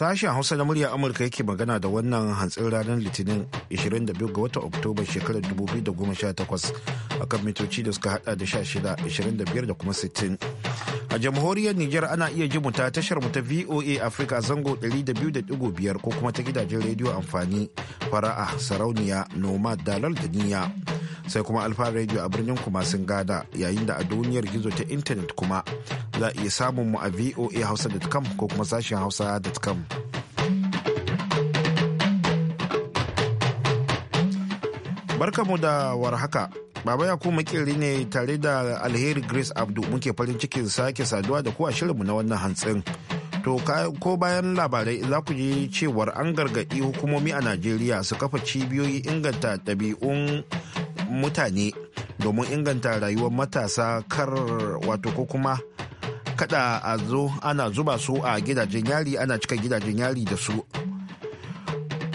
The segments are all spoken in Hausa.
Sashen Hausa na murya Amurka yake magana da wannan hantsin ranar Litinin 22 ga watan Oktoba shekarar 2018 akan mitoci da suka hada da 16, 25 da kuma 60. A jamhuriyar Nijar ana iya ji mu ta tashar mu ta VOA Africa zango 200.5 ko kuma ta gidajen rediyo amfani fara'a sarauniya nomad dalar da niyya. Sai kuma alfa rediyo a birnin kuma sun gada yayin da a duniyar gizo ta intanet kuma za a iya samun mu a voa hausa.com ko kuma sashen hausa.com. Barkamu da haka. Baba ya kuma kirri ne tare da alheri Grace Abdu muke farin cikin sake saduwa da ku a shirinmu na wannan hantsin. To ko bayan labarai za ku ji cewar an gargaɗi hukumomi a Najeriya su kafa cibiyoyi inganta ɗabi'un mutane domin inganta rayuwar matasa kar wato ko kuma kada a zo ana zuba su a gidajen yari ana cika gidajen yari da su.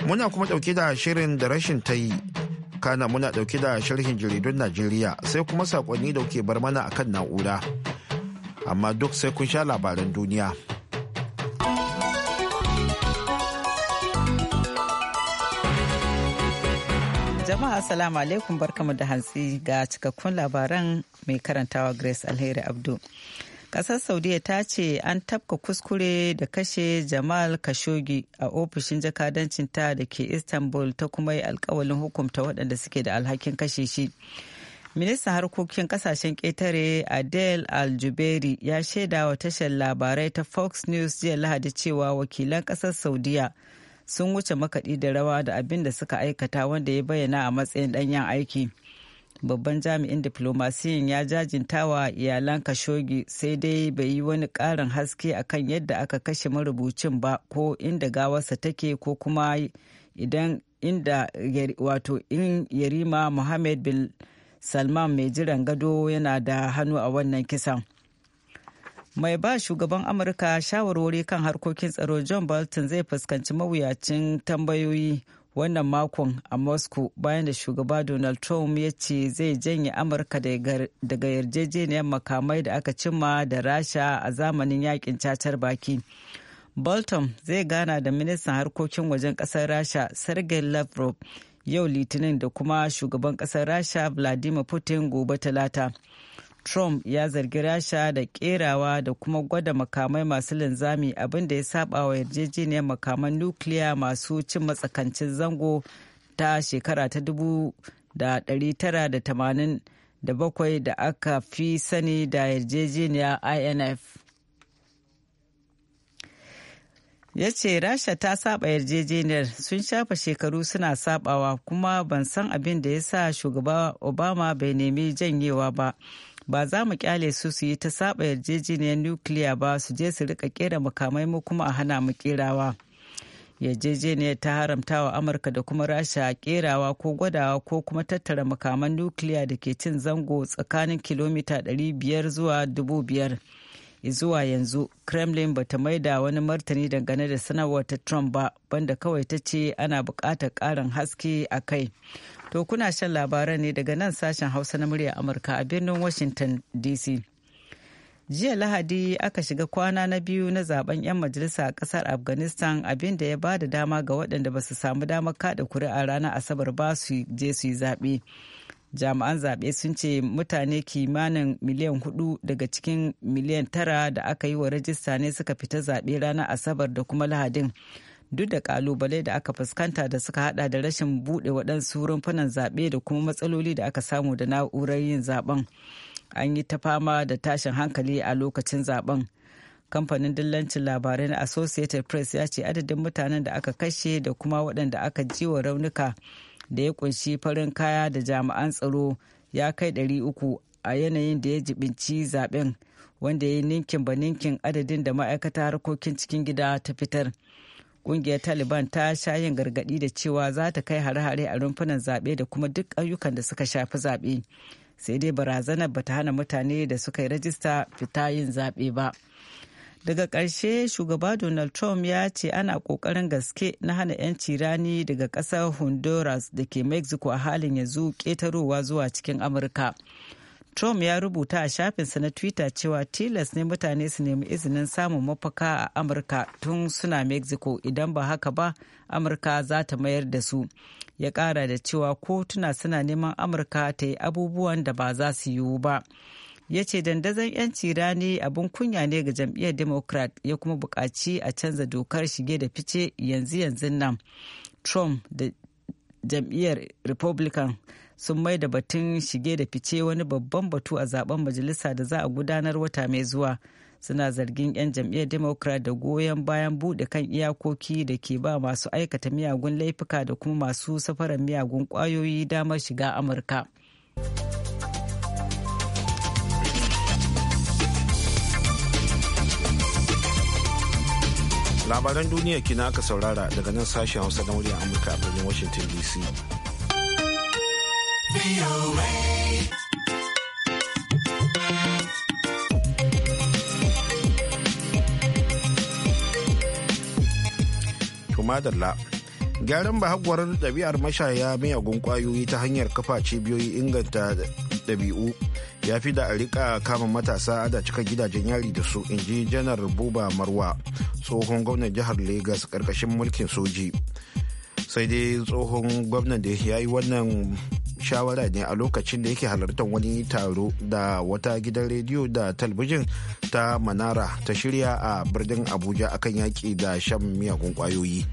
Muna kuma ɗauke da shirin da rashin ta yi kana muna dauke da sharhin jaridun najeriya sai kuma sakonni da ke bar mana akan na'ura amma duk sai kun sha labaran duniya jama'a assalamu alaikum barkamu da hantsi ga cikakkun labaran mai karantawa grace alheri abdu Kasar Saudiya ta ce an tafka kuskure da kashe Jamal kashogi a ofishin jakadancin ta da ke Istanbul ta kuma yi alkawalin hukumta waɗanda suke da alhakin kashe shi. Ministan harkokin kasashen ƙetare Adel aljuberi ya shaida wa tashar labarai ta Fox News jiya Lahadi cewa wakilan ƙasar Saudiya sun wuce makaɗi da rawa da abin da suka aikata wanda ya bayyana a matsayin ɗanyen aiki. babban jami'in diflomasiyan ya jajintawa iyalan kashogi sai dai bai yi wani ƙarin haske akan yadda aka kashe marubucin ba ko inda gawarsa take ko kuma idan inda wato in yarima mohammed bin salman mai jiran gado yana da hannu a wannan kisan mai ba shugaban amurka shawarwari kan harkokin tsaro john bolton zai fuskanci mawuyacin tambayoyi wannan makon a moscow bayan da shugaba donald trump ya ce zai janye amurka daga yarjejeniyar makamai da aka cimma da rasha a zamanin yakin cacar baki bolton zai gana da ministan harkokin wajen kasar rasha sergei lavrov yau litinin da kuma shugaban kasar rasha vladimir putin gobe talata Trump ya zargi Rasha da kerawa da kuma gwada makamai masu linzami abinda ya saba wa yarjejeniyar makaman nukiliya masu cin matsakancin zango ta shekara ta 1987 da aka fi sani da yarjejeniyar INF. ya ce rasha ta saba yarjejeniyar sun shafa shekaru suna sabawa kuma ban san abin da ya sa shugaba obama bai nemi janyewa ba ba za mu kyale su su yi ta saba yarjejeniyar nukiliya ba su je su rika kera makamai mu kuma a hana mu kerawa yarjejeniyar ta haramta wa amurka da kuma rasha kerawa ko gwadawa ko kuma tattara makaman nukiliya da ke cin zango tsakanin kilomita 500 zuwa 5,000 zuwa yanzu kremlin ba ta maida wani martani dangane da sanarwar ta trump ba banda kawai ta ce ana buƙatar ƙarin haske a kai To kuna shan labaran ne daga nan sashen Hausa na murya Amurka a birnin Washington DC. Jiya Lahadi aka shiga kwana na biyu na zaben 'yan majalisa a kasar Afghanistan abinda ya ba da dama ga waɗanda ba su samu damar kada kuri'a ranar Asabar ba su je su yi zaɓe. Jami'an zaɓe sun ce mutane kimanin miliyan hudu daga cikin miliyan tara da aka yi wa rajista ne suka fita zaɓe ranar Asabar da kuma Lahadin. duk da kalubale da aka fuskanta da suka hada da rashin buɗe waɗansu rumfunan zaɓe da kuma matsaloli da aka samu da na'urar yin zaben an yi ta fama da tashin hankali a lokacin zaben kamfanin dillancin labarai na associated press ya ce adadin mutanen da aka kashe da kuma waɗanda aka jiwa raunuka da ya kunshi farin kaya da jami'an tsaro ya kai ɗari uku a yanayin da ya jibinci zaben wanda ya yi ninkin ba ninkin adadin da ma'aikata harkokin cikin gida ta fitar. Ƙungiyar Taliban ta sha yin gargaɗi da cewa za ta kai hare-hare a rumfunan zaɓe da kuma duk ayyukan da suka shafi zaɓe. Sai dai barazanar ba ta hana mutane da suka yi rajista fita yin zaɓe ba. daga ƙarshe shugaba donald trump ya ce ana ƙoƙarin gaske na hana 'yanci rani daga ƙasar honduras da ke mexico a halin yanzu ƙetarowa zuwa cikin amurka Trump ya rubuta a shafinsa na Twitter cewa tilas ne mutane su nemi izinin samun mafaka a Amurka tun suna Mexico idan ba haka ba Amurka za ta mayar da su. Ya kara da cewa kotuna suna neman Amurka ta yi abubuwan da ba za su yiwu ba. Ya ce dandazon 'yanci rani abin kunya ne ga jam'iyyar Democrat ya kuma buƙaci a canza dokar shige da fice yanzu yanzu nan. Trump da jam'iyyar Republican sun mai da batun shige da fice wani babban batu a zaben majalisa da za a gudanar wata mai zuwa suna zargin 'yan jam'iyyar democrat da goyon bayan bude kan iyakoki da ke ba masu aikata miyagun laifuka da kuma masu safarar miyagun kwayoyi damar shiga amurka. labaran duniya kina aka saurara daga nan sashen hausa na muryar amurka a birnin washington dc Tumadalla gyaran bahagwar ɗabi'ar mashaya miyagun ƙwayoyi ta hanyar kafa cibiyoyi inganta ɗabi'u ya fi da a rika kama matasa da cika gidajen yari da su in ji janar buba marwa tsohon gwamnan jihar legas ƙarƙashin mulkin soji sai dai tsohon gwamnan da ya yi wannan shawara ne a lokacin da yake halartar wani taro da wata gidan rediyo da talbijin ta manara ta shirya a birnin abuja akan yaƙi da shan miyagun kwayoyi.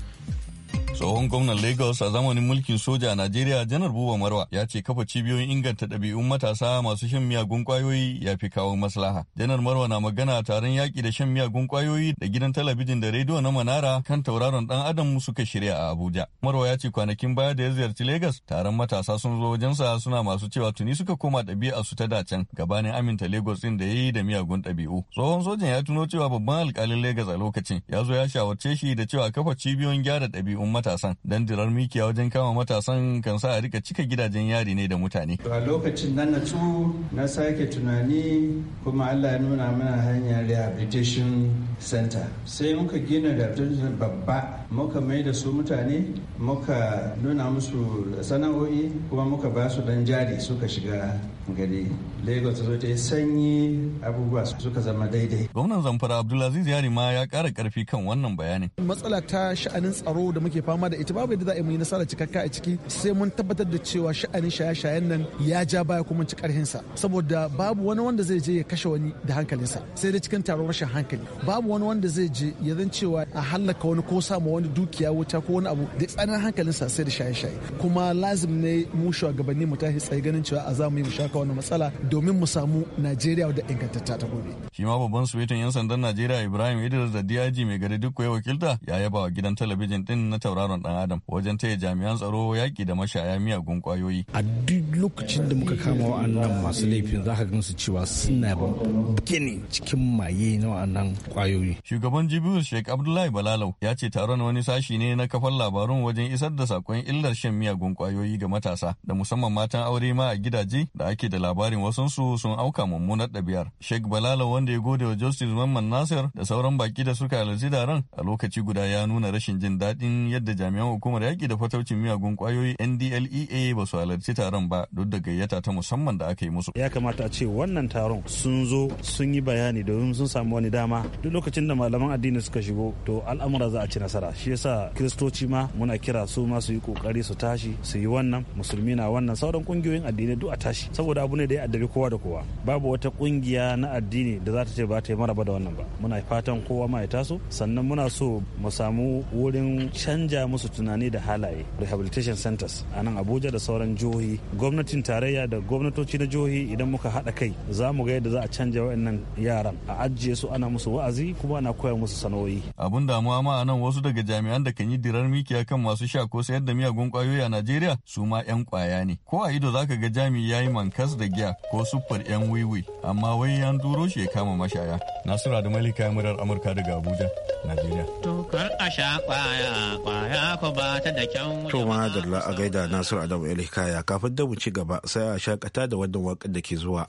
Tsohon gwamnan Lagos a zamanin mulkin soja a Najeriya Janar Buba Marwa ya ce kafa cibiyoyin inganta ɗabi'un matasa masu shan miyagun kwayoyi ya fi kawo maslaha. Janar Marwa na magana a taron yaƙi da shan miyagun kwayoyi da gidan talabijin da rediyo na Manara kan tauraron ɗan Adam suka shirya a Abuja. Marwa ya ce kwanakin baya da ya ziyarci Lagos taron matasa sun zo wajensa suna masu cewa tuni suka koma ɗabi'a su ta dacen gabanin aminta Lagos ɗin da ya yi da miyagun ɗabi'u. Tsohon sojan ya tuno cewa babban alkalin Lagos a lokacin ya zo ya shawarce shi da cewa kafa cibiyoyin gyara ɗabi'un matasan dirar mikiya wajen kama matasan kan sa a rika cika gidajen yari ne da mutane a lokacin na tsu na sake tunani kuma allah ya nuna mana hanyar rehabilitation center sai muka gina rehabilitation babba muka mai da su mutane muka nuna musu sana'o'i kuma muka ba su dan jari suka shiga gari lagos zo ta yi sanyi abubuwa suka zama daidai gwamnan zamfara abdulaziz yarima ya kara karfi kan wannan bayanin matsala ta sha'anin tsaro da muke fama da ita babu yadda za a yi nasara cikakka a ciki sai mun tabbatar da cewa sha'anin shaye-shayen nan ya ja baya kuma ci karhinsa saboda babu wani wanda zai je ya kashe wani da hankalinsa sai dai cikin taron rashin hankali babu wani wanda zai je ya zan cewa a hallaka wani ko sama wani dukiya wuta ko wani abu da tsanin hankalinsa sai da shaye-shaye kuma lazim ne mu shugabanni mu tashi tsaye ganin cewa a za mu yi maka wani matsala domin mu samu Najeriya da ingantatta ta gobe. Shi ma babban suwetin 'yan sandan Najeriya Ibrahim Idris da DIG mai gari duk ya wakilta ya yaba wa gidan talabijin din na tauraron dan Adam wajen taya jami'an tsaro yaki da mashaya miyagun kwayoyi. A duk lokacin da muka kama wa'annan masu laifin za ka gansu cewa suna gini cikin maye na wa'annan kwayoyi. Shugaban Jibril Sheikh Abdullahi Balalau ya ce taron wani sashi ne na kafar labarun wajen isar da sakon illar shan miyagun kwayoyi ga matasa da musamman matan aure ma a gidaje da ake ke da labarin wasansu sun auka mummunar ɗabi'ar. Sheikh Balala wanda ya gode wa Justice Mamman Nasir da sauran baki da suka halarci daren a lokaci guda ya nuna rashin jin daɗin yadda jami'an hukumar yaƙi da fataucin miyagun kwayoyi NDLEA ba su halarci taron ba duk da gayyata ta musamman da aka yi musu. Ya kamata a ce wannan taron sun zo sun yi bayani domin sun samu wani dama duk lokacin da malaman addini suka shigo to al'amura za a ci nasara shi yasa kiristoci ma muna kira su ma su yi kokari su tashi su yi wannan musulmi na wannan sauran kungiyoyin addini duk a tashi saboda saboda abu ne da ya addabi kowa da kowa babu wata kungiya na addini da za ta ce ba ta yi maraba da wannan ba muna fatan kowa ma ya taso sannan muna so mu samu wurin canja musu tunani da halaye rehabilitation centers a nan abuja da sauran jihohi gwamnatin tarayya da gwamnatoci na jihohi idan muka haɗa kai za mu ga yadda za a canja wa'annan yaran a ajiye su ana musu wa'azi kuma ana koya musu sana'o'i abun damuwa ma nan wasu daga jami'an da kan yi dirar mikiya kan masu sha ko sayar da miyagun kwayoyi a najeriya su ma 'yan kwaya ne ko a ido zaka ga jami'i ya yi manka kas da giya ko siffar 'yan wiwi amma wai yan duro shi ya kama mashaya. Nasura da Malika murar Amurka daga Abuja, Najeriya. Tukar a sha kwaya, kwaya ba ta da kyan To ma da a gaida Nasiru Adamu ya kafin da mu ci gaba sai a shakata da wannan wakar da ke zuwa.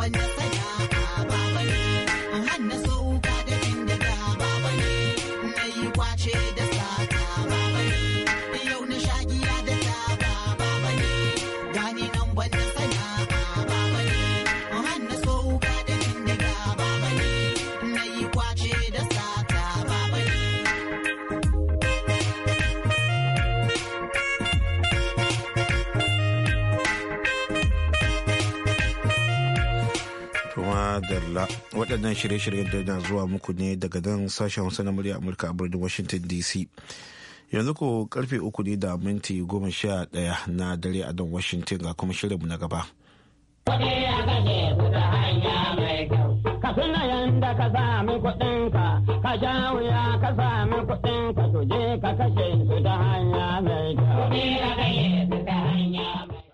When you Adalla waɗannan shirye-shiryen da na zuwa muku ne daga nan sashen Hausa na murya Amurka a birnin Washington DC. Yanzu ko karfe uku ne da minti goma sha ɗaya na dare a nan Washington ga kuma shirinmu na gaba. ka sami kuɗinka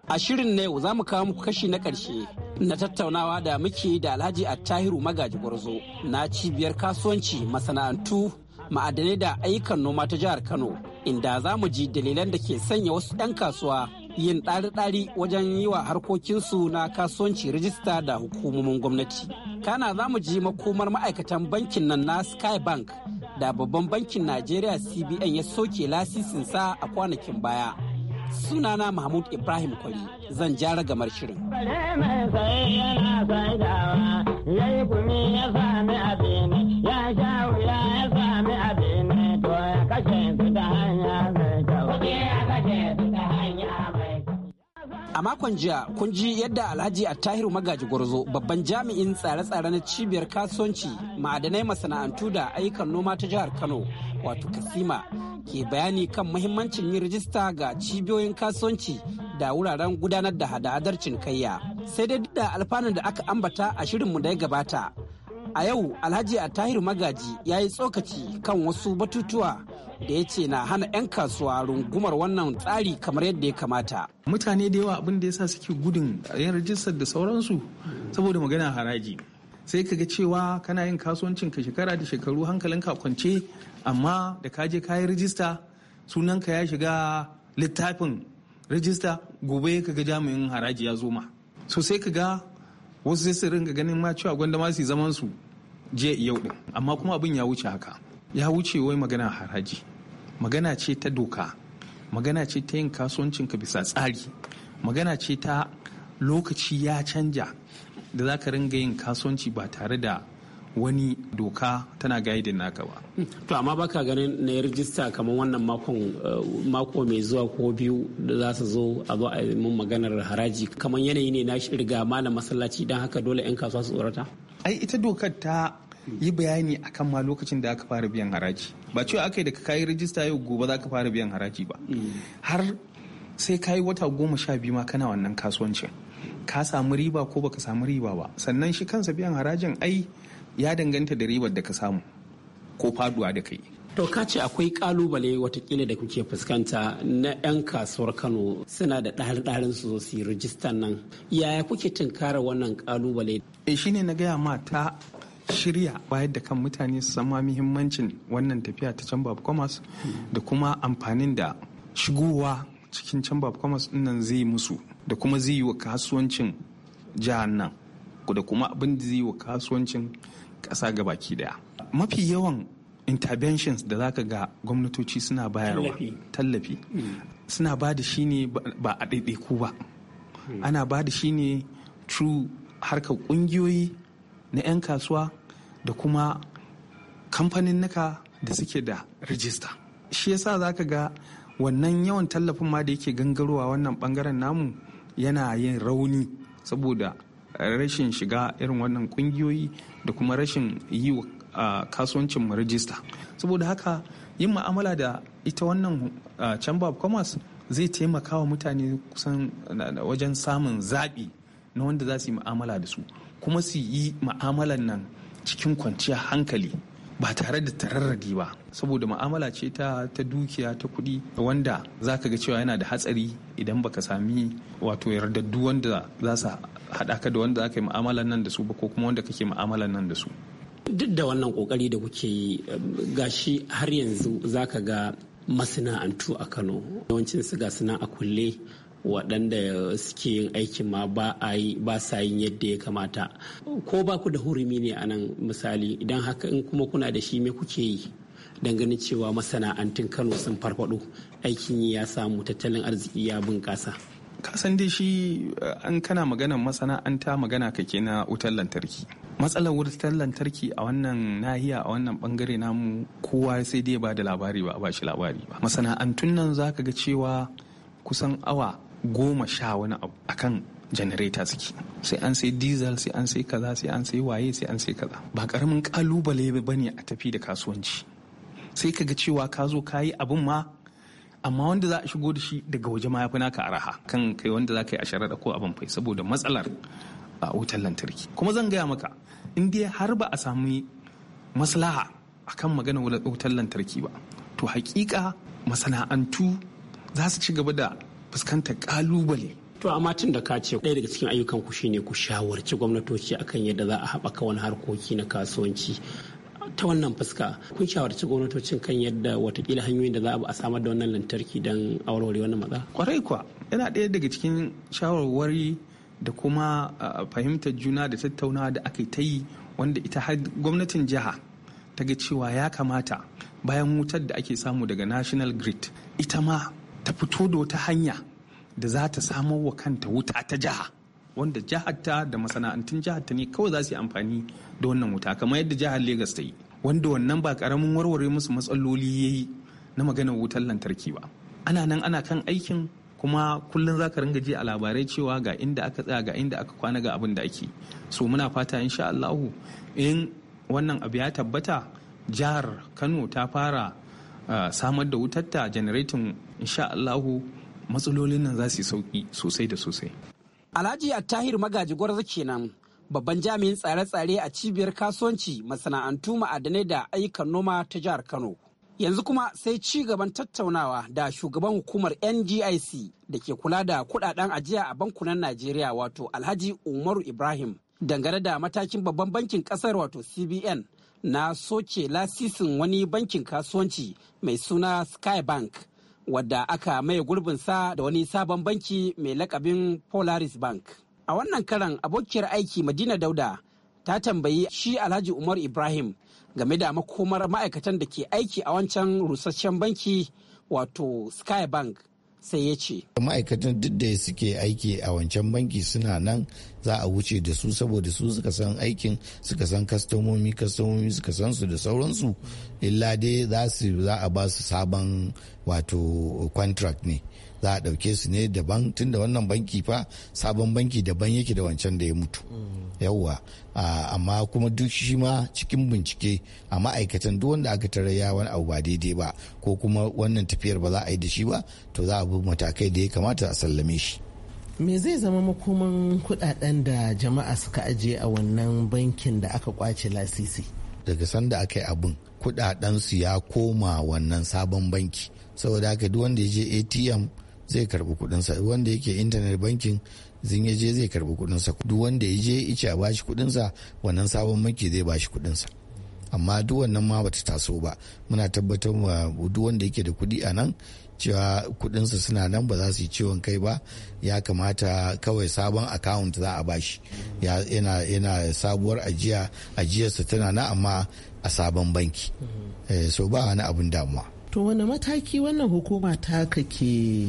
A shirin ne za mu kawo muku kashi na ƙarshe na tattaunawa da muke da alhaji a tahiru magaji gwarzo na cibiyar kasuwanci masana'antu ma'adanai da ayyukan noma ta jihar kano inda za mu ji dalilan da ke sanya wasu 'yan kasuwa yin ɗari-ɗari wajen yi wa harkokinsu na kasuwanci rijista da hukumomin gwamnati. Kana za mu ji makomar ma'aikatan bankin nan na Sky Bank, da babban bankin Najeriya CBN ya soke lasisinsa a kwanakin baya sunana mahmud ibrahim kwari zan jara gamar shirin a makon jiya kun ji yadda alhaji a tahiru magaji gwarzo babban jami'in tsare-tsare na cibiyar kasuwanci ma'adanai masana'antu da ayyukan noma ta jihar kano wato kasima ke bayani kan mahimmancin yin rijista ga cibiyoyin kasuwanci da wuraren gudanar da hada-hadar cinikayya. Sai dai duk da alfanun da aka ambata a shirinmu da ya gabata. A yau Alhaji a Tahir Magaji ya yi tsokaci kan wasu batutuwa da ya ce na hana 'yan kasuwa rungumar wannan tsari kamar yadda ya kamata. Mutane da yawa abin da ya sa suke gudun yin rajistar da sauransu saboda magana haraji. sai ka ga cewa kana yin kasuwancin ka shekara da shekaru hankalin ka kwance amma da ka je kayi rijista sunanka ya shiga littafin rijista gobe ka ga jami'in haraji ya zo ma so sai ka ga wasu sai su ringa ganin ma cewa gwanda ma su zaman su je yau din amma kuma abin ya wuce haka ya wuce wai magana haraji magana ce ta doka magana ce ta yin kasuwancinka bisa tsari magana ce ta lokaci ya canja da za ka ringa yin kasuwanci ba tare da wani doka tana gaidin naka ba. To amma baka ganin na yi rijista kamar wannan eh, mako mai zuwa ko biyu da za su zo a zo a mun maganar haraji kamar yanayi ne na shirga malam masallaci don haka dole 'yan kasuwa su tsorata. Ai ita dokar ta yi bayani akan ma lokacin da aka fara biyan haraji ba cewa aka yi da ka yi rijista yau gobe za ka fara biyan haraji ba mm. har sai kayi wata goma sha biyu ma kana wannan kasuwancin ka samu riba ko baka samu riba ba sannan shi kansa biyan harajin ai ya danganta da ribar da ka samu ko faduwa da kai To ka ce akwai kalubale watakila da kuke fuskanta na 'yan kasuwar Kano suna da ɗarin su zo su yi nan. Yaya kuke tunkara wannan kalubale? E eh, shi ne na gaya ma ta shirya bayar da kan mutane su sama muhimmancin wannan tafiya ta can babu commerce da kuma amfanin da shigowa cikin can babu commerce nan zai musu da kuma zai yi wa kasuwancin jihar nan da kuma abin da zai yi wa kasuwancin ƙasa ga baki daya mafi yawan interventions da zaka ga gwamnatoci suna bayarwa tallafi mm. suna ba da shi ne ba a ɗaiɗaiku ba mm. ana ba da shi ne true harkar ƙungiyoyi na 'yan kasuwa da kuma kamfanin nika da suke da rijista shi yasa zaka ga wannan yawan tallafin ma da yake gangarowa wannan bangaren namu yana yin rauni saboda rashin shiga irin wannan kungiyoyi da kuma rashin yi wa kasuwancin mu rajista saboda haka yin ma'amala da ita wannan chamber of commerce zai taimaka wa mutane kusan wajen samun zaɓi na wanda za su yi ma'amala da su kuma su yi ma'amalan nan cikin kwanciyar hankali ba tare da tararradi ba saboda ma'amala ce ta ta dukiya ta kuɗi wanda za ka ga cewa yana da hatsari idan baka sami wato yardaddu wanda za su haɗa ka da wanda aka yi mu'amalan nan da su ba ko kuma wanda kake mu'amalan nan da su duk da wannan kokari da kuke yi gashi har yanzu za ka ga masana'antu a kano yawancin su ga suna a kulle waɗanda suke yin aikin ma ba a yi ba sa yin yadda ya kamata ko ba ku da hurumi ne a nan misali idan haka in kuma kuna da shi me kuke yi ganin cewa masana'antun kano sun farfaɗo aikin ya samu tattalin arziki ya bunƙasa kasan dai shi eh, an kana maganan masana'anta magana kake na wutar lantarki matsalar wutar lantarki a wannan nahiya a wannan bangare namu kowa sai dai ba da labari ba a ba shi labari ba masana'antun nan za ka ga cewa kusan awa goma sha wani abu akan janareta suke sai an sai diesel sai an sai kaza sai an sai waye sai an sai kaza ba karamin kalubale ba ne a tafi da kasuwanci sai ka ga cewa ka zo ka yi abin ma amma wanda za a shigo da shi daga waje ma ya fi naka araha kan kai wanda za ka yi a sharaɗa ko abin fai saboda matsalar a wutar lantarki kuma zan gaya maka in dai har ba a sami maslaha akan maganar wutar lantarki ba to hakika masana'antu za su ci gaba da fuskantar kalubale To amma tun da ka ce ɗaya daga cikin ayyukan ku shine ku shawarci gwamnatoci akan yadda za a haɓaka wani harkoki na kasuwanci ta wannan fuska kun shawarci gwamnatocin kan yadda watakila hanyoyin da za a samar da wannan lantarki don aurore wannan matsala kwarai kuwa yana ɗaya daga cikin shawarwari da kuma fahimtar juna da tattaunawa da aka ta yi wanda ita har gwamnatin jiha ta ga cewa ya kamata bayan wutar da ake samu daga national grid ita ma ta fito da wata hanya da za ta samu wa kanta wuta ta jiha wanda jiharta da masana'antun jiharta ne kawai za su yi amfani da wannan wuta kamar yadda jihar Legas ta yi wanda wannan ba karamin warware musu matsaloli ya yi na maganar wutar lantarki ba ana nan ana kan aikin kuma kullum za ka ringa ji a labarai cewa ga inda aka tsaya ga inda aka kwana ga abin da ake so muna fata insha Allah in wannan abu ya tabbata jihar Kano ta fara ah, samar da wutar ta generating insha Allah matsalolin nan za su yi sauki sosai da sosai Alhaji Attahir Magaji Gwarza kenan babban jami'in tsare-tsare a cibiyar kasuwanci masana'antu ma'adanai da ayyukan noma ta jihar Kano. Yanzu kuma sai ci gaban tattaunawa da shugaban hukumar NGIC da ke kula da kudaden ajiya a bankunan Najeriya wato Alhaji Umaru Ibrahim dangane da matakin babban bankin kasar wato CBN na soke lasisin wani bankin kasuwanci mai suna Skybank. wadda aka maye gurbinsa da wani sabon banki mai lakabin Polaris Bank. A wannan karan abokiyar aiki Madina Dauda ta tambayi shi Alhaji Umar Ibrahim game da makomar ma'aikatan da ke aiki a wancan rusasshen banki wato Sky Bank sai ya ce ma'aikatan duk da suke aiki a wancan banki suna nan za a wuce da su saboda su suka san aikin suka san kastomomi kastomomi suka san su da sauransu illa dai za a ba su sabon wato contract ne za a ɗauke su ne daban tun da wannan banki fa sabon banki daban yake da wancan da ya mutu yawwa amma kuma duk shi ma cikin bincike a ma'aikatan duk wanda aka tara ya wani abu ba daidai ba ko kuma wannan tafiyar ba za a yi da shi ba to za a bi matakai da ya kamata a sallame shi me zai zama makoman kudaden da jama'a suka ajiye a wannan bankin da aka kwace lasisi daga sanda aka yi abin kudaden su ya koma wannan sabon banki saboda haka duk wanda ya je atm zai karbi kudinsa wanda yake internet banking zin ya je zai karbi kudinsa duk wanda ya je ice a bashi kudinsa wannan sabon banki zai bashi kudinsa amma duk wannan ma bata taso ba muna tabbatar wa duk wanda yake da kudi a nan cewa kudinsa suna nan ba za su yi ciwon kai ba ya kamata kawai sabon account za a bashi yana yana sabuwar ajiya ajiyarsa tana na amma a sabon banki mm-hmm. eh, so ba wani abin damuwa to wani mataki wannan hukuma ta kake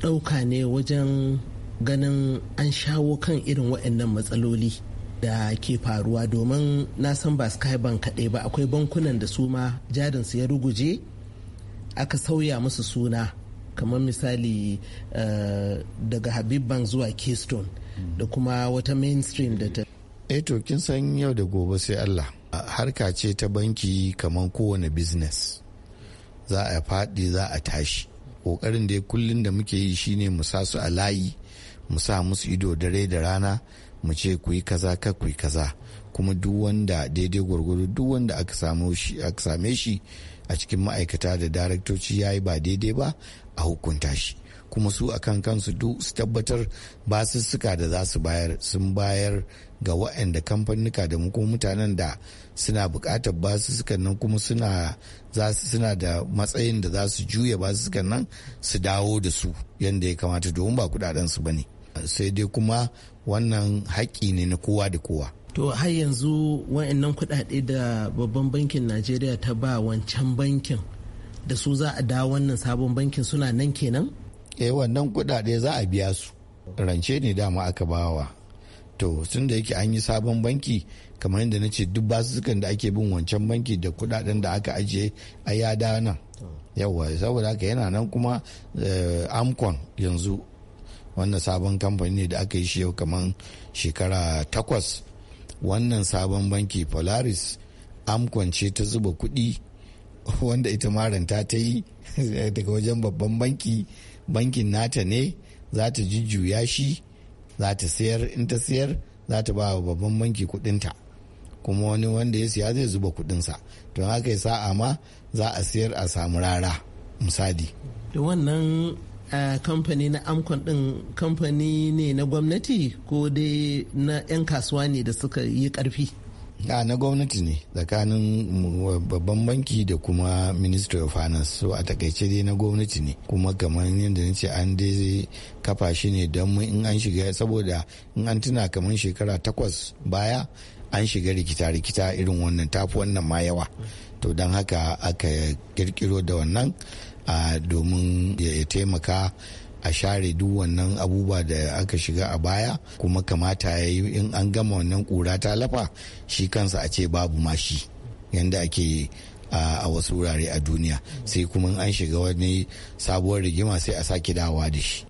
ɗauka ne wajen ganin an shawo kan irin waɗannan matsaloli da ke faruwa domin na san ba bank kaɗai ba akwai bankunan da su ma jarinsu ya ruguje aka sauya musu suna kamar misali uh, daga habib bank zuwa keystone mm -hmm. da kuma wata mainstream da ta eto eh kin san yau da gobe sai allah harka ce ta banki kamar kowane business za a faɗi za a tashi kokarin da ya kullun da muke yi shine mu sa su a layi mu sa musu ido dare da rana mu ce ku yi kaza ka ku yi kaza kuma duk wanda daidai gwargwado duk wanda aka same shi a cikin ma'aikata da daraktoci ya yi ba daidai ba a hukunta shi kuma su akan kansu duk su tabbatar basussuka da za su bayar sun bayar ga waɗanda kamfanuka da kuma mutanen da suna bukatar suka nan kuma suna da matsayin da za su juya suka nan su dawo da su yadda ya kamata domin ba kudaden su bane sai dai kuma wannan haƙƙi ne na kowa da kowa to har yanzu waannan kuɗaɗe da babban bankin najeriya ta ba wancan bankin da su za a dawo wannan sabon bankin suna nan kenan eh wannan kuɗaɗe za a biya su rance ne dama aka bawa to tun da yake an yi sabon banki kamar yadda na ce duk basussukan da ake bin wancan banki da kudaden da aka ajiye a yada nan yawa saboda haka yana nan kuma eh, amkon yanzu wannan sabon kamfani ne da aka yi shi yau kamar shekara takwas wannan sabon banki polaris amkon ce ta zuba kuɗi wanda ita maranta ta yi daga wajen babban banki bankin nata ne za ta jujjuya shi za ta sayar in ta sayar za ta ba wa babban banki kudinta kuma wani wanda ya siya zai zuba kudinsa to haka sa'a ma za a sayar a samu rara misali da wannan eh, kamfani na amkon din kamfani ne na gwamnati ko dai na 'yan kasuwa ne da suka yi karfi a ah, na gwamnati ne tsakanin babban banki da kuma ministry of finance so a takaice dai na gwamnati ne kuma kamar yadda na ce an dai kafa shi ne don in an shiga saboda in an tuna kamar shekara takwas baya an shiga rikita-rikita irin wannan tafi wannan ma yawa to don haka aka kirkiro da wannan ah, domin ya taimaka a share duk wannan abubuwa da aka shiga a baya kuma kamata ya yi in an gama wannan kura ta lafa shi kansa a ce babu mashi yadda ake a wasu wurare a duniya sai kuma an shiga wani sabuwar rigima sai a sake dawa da shi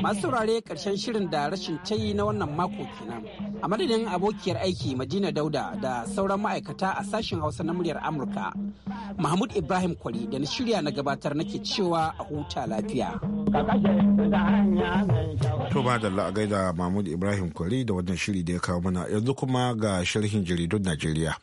Masu saurare karshen shirin da rashin tayi na wannan mako kenan. A madadin abokiyar aiki Madina Dauda da sauran ma'aikata a sashen Hausa na muryar Amurka. Mahmud Ibrahim Kwari da na shirya na gabatar nake cewa a huta lafiya. To ba da la'agai Mahmud Ibrahim Kwari da wannan shiri da ya kawo mana yanzu kuma ga sharhin jaridun Najeriya.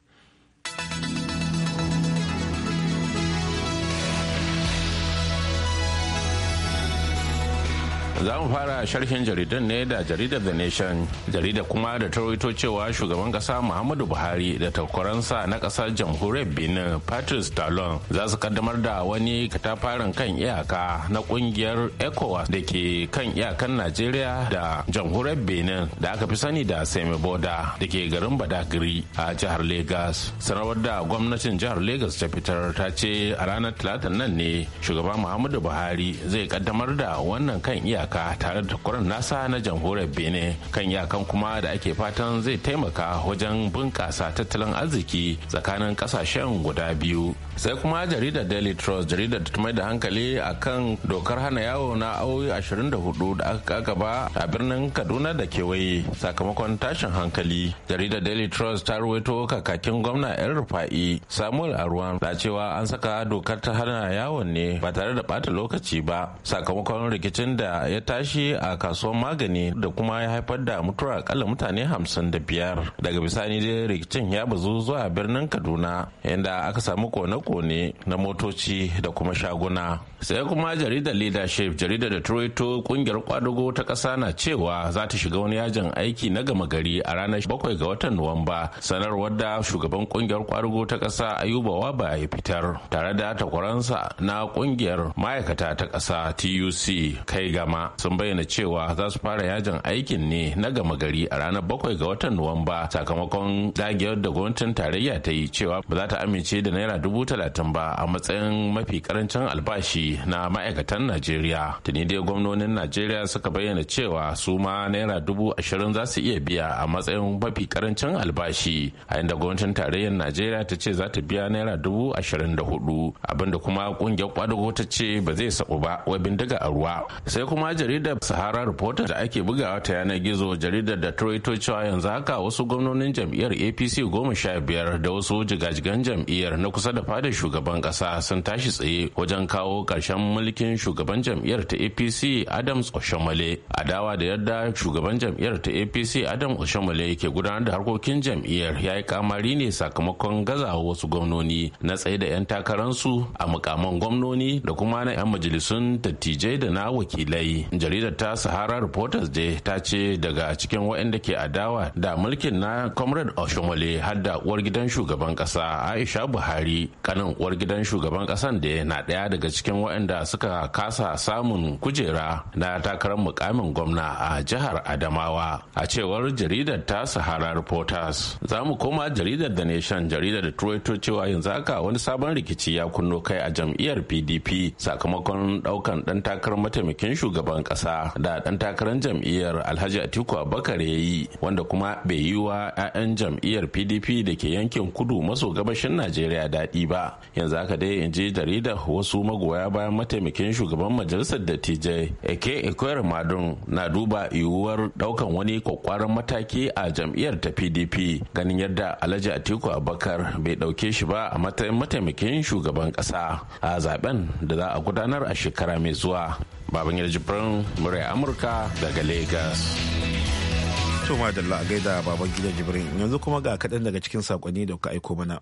za mu fara sharhin jaridan ne da jaridar the nation jarida kuma da ta rawaito cewa shugaban kasa muhammadu buhari da takwaransa na kasar jamhuriyar benin patrice talon za su kaddamar da wani katafaren kan iyaka na kungiyar ecowas da ke kan iyakan najeriya da jamhuriyar benin da aka fi sani da semiboda da ke garin badagiri a jihar lagos sanarwar da gwamnatin jihar lagos ta fitar ta ce a ranar talatin nan ne Shugaban muhammadu buhari zai kaddamar da wannan kan iyaka iyaka tare da takwarar nasa na jamhuriyar benin kan iyakan kuma da ake fatan zai taimaka wajen bunƙasa tattalin arziki tsakanin ƙasashen guda biyu sai kuma jaridar daily trust jaridar da mai da hankali a kan dokar hana yawo na awoyi 24 da aka gaba a birnin kaduna da kewaye sakamakon tashin hankali jaridar daily trust ta ruwaito kakakin gwamna yan rufa'i samuel arwan da cewa an saka dokar ta hana yawon ne ba tare da bata lokaci ba sakamakon rikicin da ya ya tashi a kasuwar magani da kuma ya haifar da mutuwa akalla mutane hamsin da biyar daga bisani dai rikicin ya bazu zuwa birnin kaduna inda aka samu kone-kone na motoci da kuma shaguna sai kuma jaridar leadership jaridar da turaito kungiyar kwadugo ta kasa na cewa za ta shiga wani yajin aiki na gama gari a ranar bakwai ga watan nuwamba sanarwar da shugaban kungiyar kwadugo ta kasa ayuba waba ya fitar tare da takwaransa na kungiyar ma'aikata ta kasa tuc kai gama sun bayyana cewa za su fara yajin aikin ne na gama gari a ranar bakwai ga watan Nuwamba sakamakon dagewar da gwamnatin tarayya ta yi cewa ba za ta amince da naira dubu talatin ba a matsayin mafi karancin albashi na ma'aikatan Najeriya. Tuni dai gwamnonin Najeriya suka bayyana cewa su ma naira dubu ashirin za su iya biya a matsayin mafi karancin albashi a inda gwamnatin tarayyar Najeriya ta ce za ta biya naira dubu ashirin da hudu abinda kuma kungiyar kwadago ta ce ba zai sabu ba wai bindiga a ruwa sai kuma jaridar sahara reporter da ake bugawa ta yanar gizo jaridar da turaito cewa yanzu haka wasu gwamnonin jam'iyyar apc goma sha biyar da wasu jigajigan jam'iyyar na kusa da fadar shugaban kasa sun tashi tsaye wajen kawo karshen mulkin shugaban jam'iyyar ta apc adams oshomale adawa da yadda shugaban jam'iyyar ta apc adam oshomale ke gudanar da harkokin jam'iyyar ya yi kamari ne sakamakon gazawa wasu gwamnoni na tsaye da 'yan takararsu a mukamman gwamnoni da kuma na 'yan majalisun dattijai da na wakilai jaridar ta sahara reporters dai ta ce daga cikin waɗanda ke adawa da mulkin na comrade oshomole har da uwar gidan shugaban ƙasa aisha buhari kanin uwar gidan shugaban ƙasan da na ɗaya daga cikin waɗanda suka kasa samun kujera na takarar mukamin gwamna a jihar adamawa a cewar jaridar ta sahara reporters za mu koma jaridar da nation jaridar da turaito cewa yanzu haka wani sabon rikici ya kunno kai a jam'iyyar pdp sakamakon ɗaukan ɗan takarar mataimakin shugaban shugaban kasa da dan takarar jam'iyyar alhaji atiku abubakar ya yi wanda kuma bai yi wa 'ya'yan jam'iyyar pdp da ke yankin kudu maso gabashin najeriya daɗi ba yanzu haka dai in ji jarida wasu magoya bayan mataimakin shugaban majalisar dattijai eke ekwayar madun na duba yiwuwar ɗaukan wani kwakwaran mataki a jam'iyyar ta pdp ganin yadda alhaji atiku abubakar bai ɗauke shi ba a matsayin mataimakin shugaban kasa a zaben da za a gudanar a shekara mai zuwa Babangida Jibrin murya Amurka daga Lagos. To madalla a gaida Babangida Jibrin yanzu kuma ga kaɗan daga cikin saƙonni da kuka aiko mana.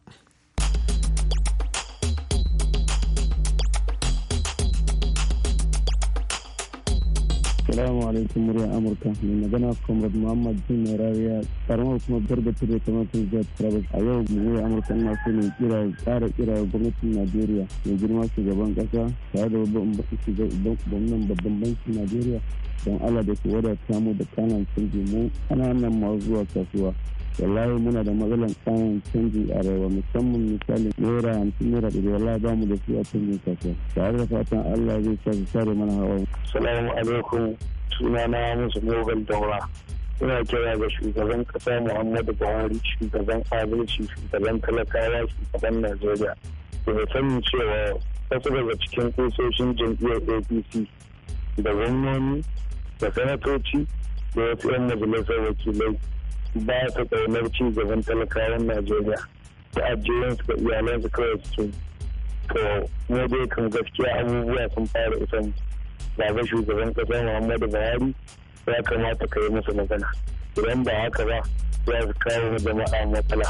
Assalamu alaikum muryar Amurka mai magana Comrade Muhammad Jin mai rariya karamar kuma gargatar da kamar sun Travis a yau muryar Amurka ina so ne kira tsara kira gwamnatin Najeriya mai girma shugaban kasa tare da gwamnan babban bankin Najeriya don Allah da ke wadata mu da kanan canji mu ana nan ma zuwa kasuwa wallahi muna da matsalar samun canji a rayuwa musamman misali naira hamsin naira ɗari wallahi ba mu da su a canjin kasuwa tare da fatan allah zai sa su sare mana hawa. salamu alaikum sunana musu mogal daura ina kira ga shugaban kasa muhammadu buhari shugaban adalci shugaban talakawa shugaban najeriya da sani cewa wasu daga cikin kusoshin jam'iyyar apc da gwamnoni da sanatoci da wasu 'yan majalisar wakilai ba ta ƙaunar ci gaban talakawan najeriya da ajiyoyinsu da iyalansu kawai suke to mu dai kan gaskiya abubuwa sun fara isa ba shugaban ƙasa muhammadu buhari ya kamata ka yi musu magana idan ba haka ba ya fi kawo jama'a matsala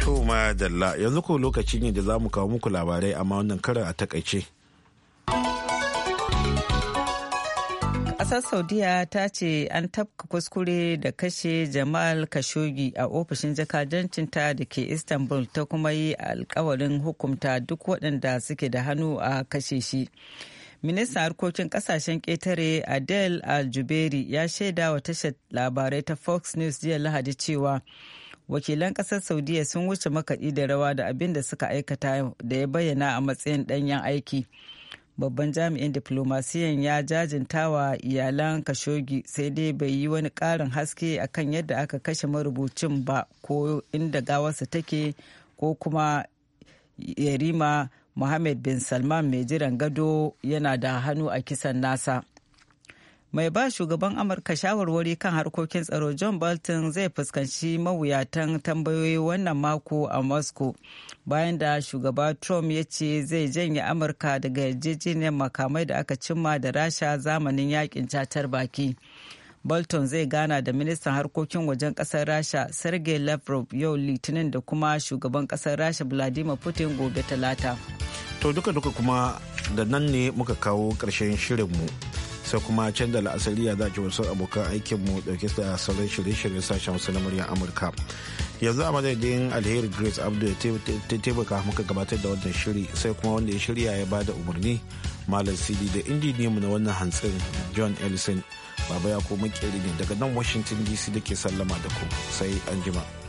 to ma dalla yanzu ko lokaci ne da za mu kawo muku labarai amma wannan karar a takaice Ƙasar Saudiya ta ce an tafka kuskure da kashe Jamal Khashoggi a ofishin jakadancinta da ke Istanbul ta kuma yi alkawarin hukumta duk waɗanda suke da hannu a kashe shi. ministan harkokin kasashen ƙetare adel aljuberi ya shaida wa tashar labarai ta fox news jiya lahadi cewa wakilan ƙasar saudiya sun wuce makaɗi da rawa da abin da suka aikata da ya bayyana a matsayin ɗanyen aiki babban jami'in diplomasiyan ya jajinta wa iyalan kashogi sai dai bai yi wani ƙarin haske akan yadda aka kashe marubucin ba ko inda gawarsa take ko kuma yarima mohammed bin salman mai jiran gado yana da hannu a kisan nasa mai ba shugaban amurka shawarwari kan harkokin tsaro john bolton zai fuskanci mawuyatan tambayoyi wannan mako a moscow bayan da shugaba trump ya ce zai janye amurka daga yarjejeniyar makamai da aka cimma da rasha zamanin yakin catar baki bolton zai gana da ministan harkokin wajen kasar rasha sergei lavrov yau litinin da kuma shugaban kasar rasha vladimir putin gobe talata to duka-duka kuma da nan ne muka kawo ƙarshen shirinmu sai kuma can da la'asariya za dace wasu abokan aikinmu dauke da sauran shirye-shiryen sashen wasu na muryar amurka yanzu a madadin alheri grace abdul ta taimaka muka gabatar da wannan shiri sai kuma wanda ya shirya ya bada umarni malam cd da mu na wannan hantsin john ellison baba ya ko koma ne daga nan washington dc da ke sallama da ku sai anjima. jima.